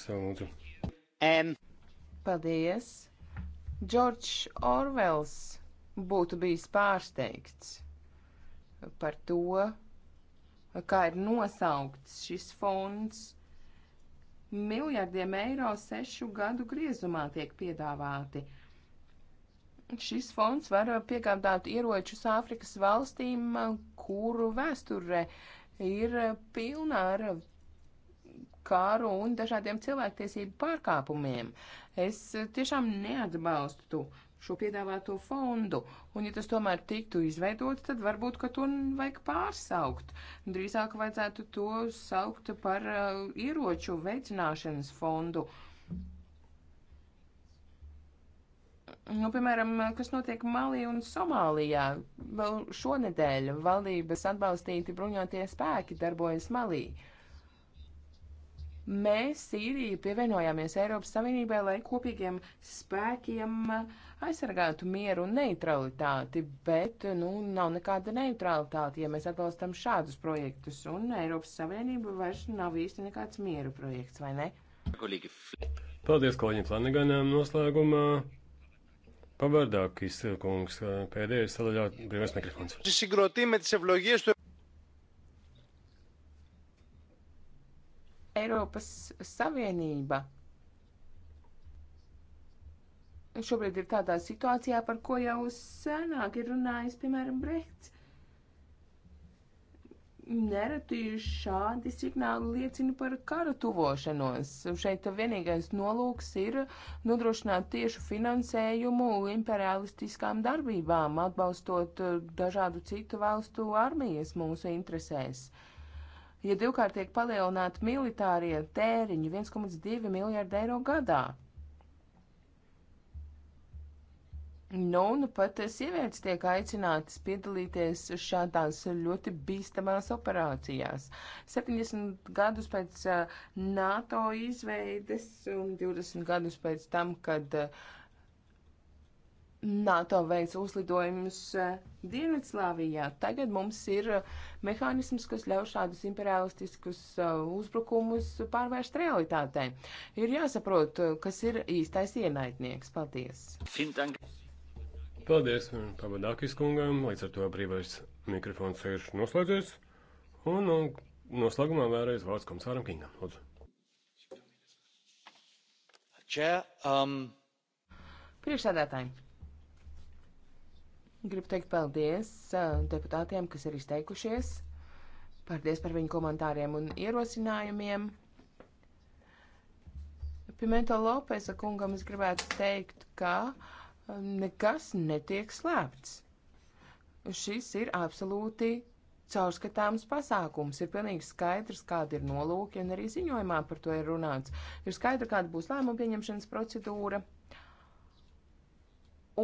Savu lūdzu. Um. Paldies. Džordžs Orvels būtu bijis pārsteigts par to, kā ir nosaukts šis fonds. Miljardiem eiro sešu gadu griezumā tiek piedāvāti. Šis fonds var piegādāt ieročus Āfrikas valstīm, kuru vēsture ir pilna ar kāru un dažādiem cilvēktiesību pārkāpumiem. Es eh, tiešām neatbalstu šo piedāvāto fondu, un ja tas tomēr tiktu izveidots, tad varbūt, ka to vajag pārsaukt. Drīzāk vajadzētu to saukt par uh, ieroču veicināšanas fondu. Nu, piemēram, kas notiek Malī un Somālijā. Vēl šonedēļ valdības atbalstīti bruņotie spēki darbojas Malī. Uh, Mēs, Sīrija, pievienojāmies Eiropas Savienībai, lai kopīgiem spēkiem aizsargātu mieru un neutralitāti, bet, nu, nav nekāda neutralitāte, ja mēs atbalstam šādus projektus, un Eiropas Savienība vairs nav īsti nekāds mieru projekts, vai ne? Paldies, kolēģim Flanaganam, noslēgumā. Παπαδάκης, κόγκς, πέντε, στα δουλειά, πριν μέσα μικροφόνης. Συγκροτεί με τις ευλογίες του Eiropas Savienība šobrīd ir tādā situācijā, par ko jau senāk ir runājis, piemēram, Brehts. Nereti šādi signāli liecina par kara tuvošanos. Šeit vienīgais nolūks ir nodrošināt tiešu finansējumu imperialistiskām darbībām, atbalstot dažādu citu valstu armijas mūsu interesēs. Uh, ja divkārt tiek palielināti militārie tēriņi 1,2 miljārdi eiro gadā. Nu, nu pat sievietes tiek aicinātas piedalīties šādās ļoti bīstamās operācijās. 70 gadus pēc uh, NATO izveides un 20 gadus pēc tam, kad uh, NATO veids uzlidojumus eh, Dienvidslāvijā. Tagad mums ir eh, mehānisms, kas ļauj šādus imperialistiskus eh, uzbrukumus pārvērst realitātē. Ir jāsaprot, kas ir īstais ienaidnieks. Paldies! Paldies Pavadākis kungam, līdz ar to brīvais mikrofons ir noslēdzies. Un no, nu, noslēgumā vēlreiz vārds komisāram Kingam. Lūdzu. Chair, um... Priekšsēdētāji, Gribu teikt paldies deputātiem, kas ir izteikušies. Paldies par viņu komentāriem un ierosinājumiem. Pimento Lopesa kungam es gribētu teikt, ka nekas netiek slēpts. Šis ir absolūti caurskatāms pasākums. Ir pilnīgi skaidrs, kāda ir nolūki, un arī ziņojumā par to ir runāts. Ir skaidrs, kāda būs lēmuma pieņemšanas procedūra.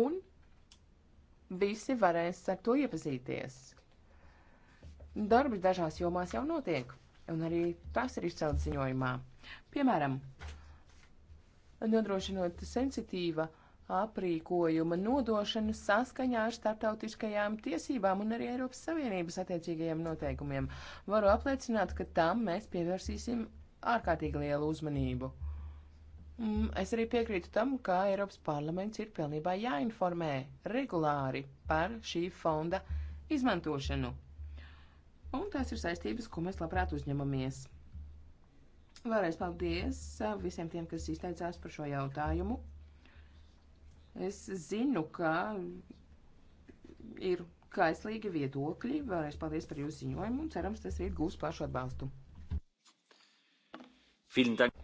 Un visi varēs ar to iepazīties. Darbi dažās jomās jau notiek, un arī tas ir izcelts ziņojumā. Piemēram, nodrošinot sensitīva aprīkojuma nodošanu saskaņā ar starptautiskajām tiesībām un arī Eiropas Savienības attiecīgajiem noteikumiem. Varu apliecināt, ka tam mēs pievērsīsim ārkārtīgi lielu uzmanību. Mm, es arī piekrītu tam, ka Eiropas parlaments ir pilnībā jāinformē regulāri par šī fonda izmantošanu. Un tās ir saistības, ko mēs labprāt uzņemamies. Vēlreiz paldies uh, visiem tiem, kas izteicās par šo jautājumu. Es zinu, ka ir kaislīgi viedokļi. Vēlreiz paldies par jūsu ziņojumu un cerams, tas rīt gūs plašu atbalstu. Vielen Dank.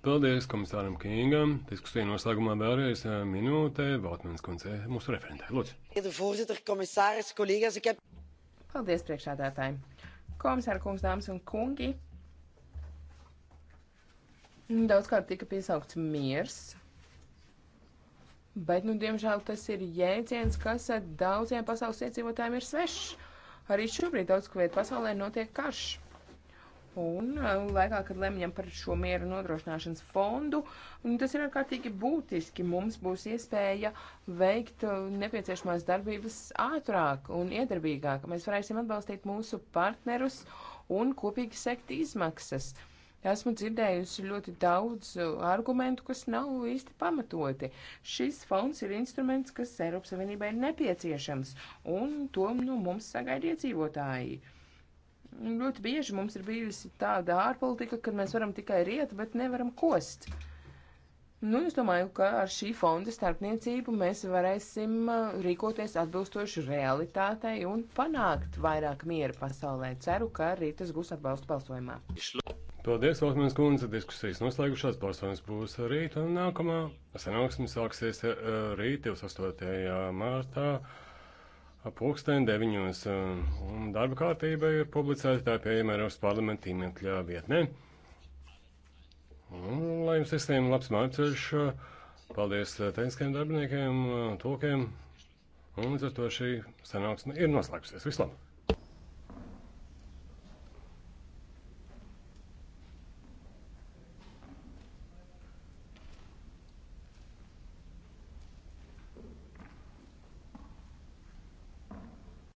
Paldies komisāram Kīngam. Diskusija noslēgumā vēlreiz eh, minūte Valtmens kundze mūsu referentē. Lūdzu. Paldies priekšādātājiem. Komisāra kungs, dāmas un kungi. Daudzkārt tika piesaukts miers, bet, nu, diemžēl tas ir jēdziens, kas daudziem pasaules iedzīvotājiem ir svešs. Arī šobrīd daudz kur vietā pasaulē notiek karš. Un uh, laikā, kad lemjam par šo mieru nodrošināšanas fondu, tas ir ārkārtīgi būtiski. Mums būs iespēja veikt uh, nepieciešamās darbības ātrāk un iedarbīgāk. Mēs varēsim atbalstīt mūsu partnerus un kopīgi sekt izmaksas. Esmu dzirdējusi ļoti daudz uh, argumentu, kas nav īsti pamatoti. Šis fonds ir instruments, kas Eiropas Savienībai ir nepieciešams, un to nu, mums sagaida iedzīvotāji. Uh, Ļoti bieži mums ir bijusi tāda ārpolitika, kad mēs varam tikai riet, bet nevaram kost. Nu, es domāju, ka ar šī fonda starpniecību mēs varēsim uh, rīkoties atbilstoši realitātei un panākt vairāk miera pasaulē. Ceru, ka arī tas būs atbalstu balsojumā. Paldies, Valkmēns kundze, diskusijas noslēgušās, balsojums būs rīt un nākamā sanāksme sāksies uh, rīt 28. mārtā. Pūksteni deviņos eh, darba kārtība ir publicēta tā pieejama Eiropas parlamenta tīmekļa vietnē. Un, lai jums visiem labs mājceļš, paldies eh, tehniskiem darbiniekiem, eh, tūkiem, un līdz ar to šī sanāksme ir noslēgusies. Vislabāk!